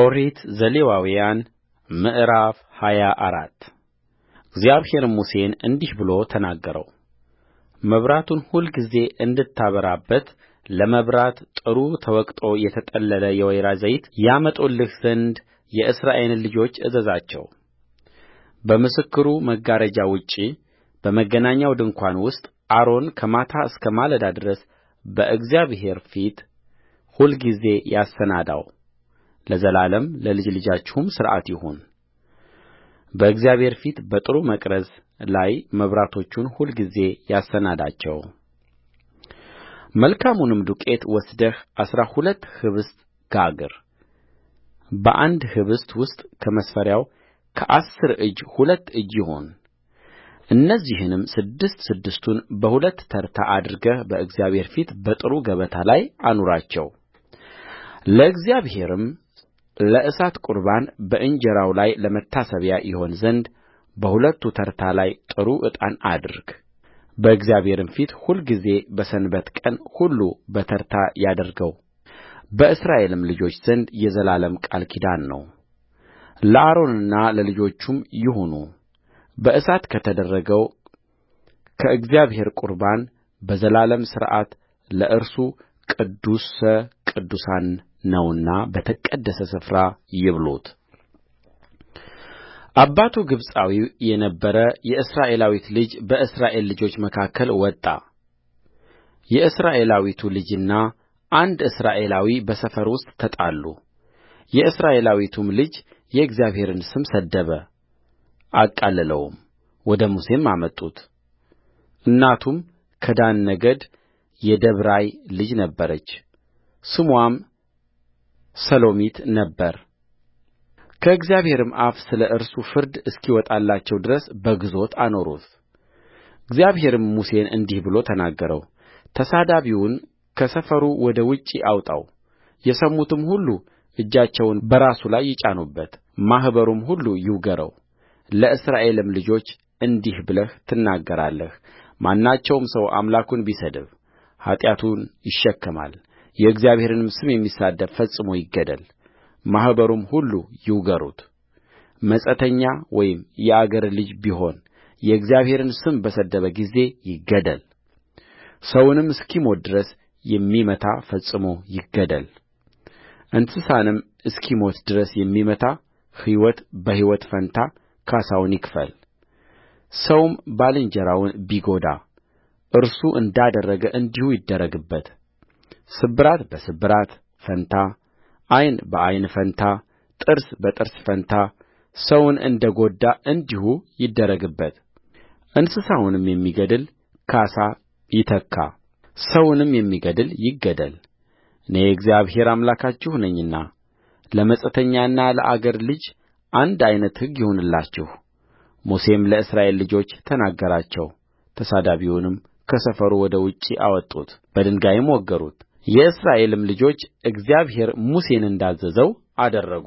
ኦሪት ዘሌዋውያን ምዕራፍ ሃያ አራት እግዚአብሔርም ሙሴን እንዲህ ብሎ ተናገረው መብራቱን ሁልጊዜ እንድታበራበት ለመብራት ጥሩ ተወቅጦ የተጠለለ የወይራ ዘይት ያመጡልህ ዘንድ የእስራኤልን ልጆች እዘዛቸው በምስክሩ መጋረጃ ውጭ በመገናኛው ድንኳን ውስጥ አሮን ከማታ እስከ ማለዳ ድረስ በእግዚአብሔር ፊት ሁልጊዜ ያሰናዳው ለዘላለም ለልጅ ልጃችሁ ሥርዓት በእግዚአብሔር ፊት በጥሩ መቅረዝ ላይ መብራቶቹን ሁልጊዜ ያሰናዳቸው መልካሙንም ዱቄት ወስደህ አሥራ ሁለት ኅብስት ጋግር በአንድ ኅብስት ውስጥ ከመስፈሪያው ከአሥር እጅ ሁለት እጅ ይሁን። እነዚህንም ስድስት ስድስቱን በሁለት ተርታ አድርገህ በእግዚአብሔር ፊት በጥሩ ገበታ ላይ አኑራቸው። ለእግዚአብሔርም ለእሳት ቍርባን በእንጀራው ላይ ለመታሰቢያ ይሆን ዘንድ በሁለቱ ተርታ ላይ ጥሩ ዕጣን አድርግ በእግዚአብሔርም ፊት ሁልጊዜ በሰንበት ቀን ሁሉ በተርታ ያድርገው በእስራኤልም ልጆች ዘንድ የዘላለም ቃል ኪዳን ነው። ለአሮንና ለልጆቹም ይሁኑ በእሳት ከተደረገው ከእግዚአብሔር ቍርባን በዘላለም ሥርዓት ለእርሱ ቅዱስ ቅዱሳን ነውና በተቀደሰ ስፍራ ይብሉት። አባቱ ግብፃዊ የነበረ የእስራኤላዊት ልጅ በእስራኤል ልጆች መካከል ወጣ የእስራኤላዊቱ ልጅና አንድ እስራኤላዊ በሰፈር ውስጥ ተጣሉ የእስራኤላዊቱም ልጅ የእግዚአብሔርን ስም ሰደበ አቃለለውም ወደ ሙሴም አመጡት እናቱም ከዳን ነገድ የደብራይ ልጅ ነበረች ስሟም ሰሎሚት ከእግዚአብሔርም አፍ ስለ እርሱ ፍርድ እስኪወጣላቸው ድረስ በግዞት አኖሩት። እግዚአብሔርም ሙሴን እንዲህ ብሎ ተናገረው፣ ተሳዳቢውን ከሰፈሩ ወደ ውጭ አውጣው። የሰሙትም ሁሉ እጃቸውን በራሱ ላይ ይጫኑበት፣ ማኅበሩም ሁሉ ይውገረው። ለእስራኤልም ልጆች እንዲህ ብለህ ትናገራለህ ማናቸውም ሰው አምላኩን ቢሰድብ ኃጢአቱን ይሸከማል የእግዚአብሔርንም ስም የሚሳደብ ፈጽሞ ይገደል ማኅበሩም ሁሉ ይውገሩት መጻተኛ ወይም የአገር ልጅ ቢሆን የእግዚአብሔርን ስም በሰደበ ጊዜ ይገደል ሰውንም እስኪሞት ድረስ የሚመታ ፈጽሞ ይገደል። እንስሳንም እስኪሞት ድረስ የሚመታ ሕይወት በሕይወት ፈንታ ካሣውን ይክፈል ሰውም ባልንጀራውን ቢጐዳ እርሱ እንዳደረገ እንዲሁ ይደረግበት ስብራት በስብራት ፈንታ ዓይን በዓይን ፈንታ ጥርስ በጥርስ ፈንታ ሰውን እንደ ጐዳ እንዲሁ ይደረግበት እንስሳውንም የሚገድል ካሣ ይተካ ሰውንም የሚገድል ይገደል እኔ እግዚአብሔር አምላካችሁ ነኝና ለመጻተኛና ለአገር ልጅ አንድ ዓይነት ሕግ ሙሴም ለእስራኤል ልጆች ተናገራቸው ተሳዳቢውንም ከሰፈሩ ወደ ውጭ አወጡት በድንጋይም ወገሩት የእስራኤልም ልጆች እግዚአብሔር ሙሴን እንዳዘዘው አደረጉ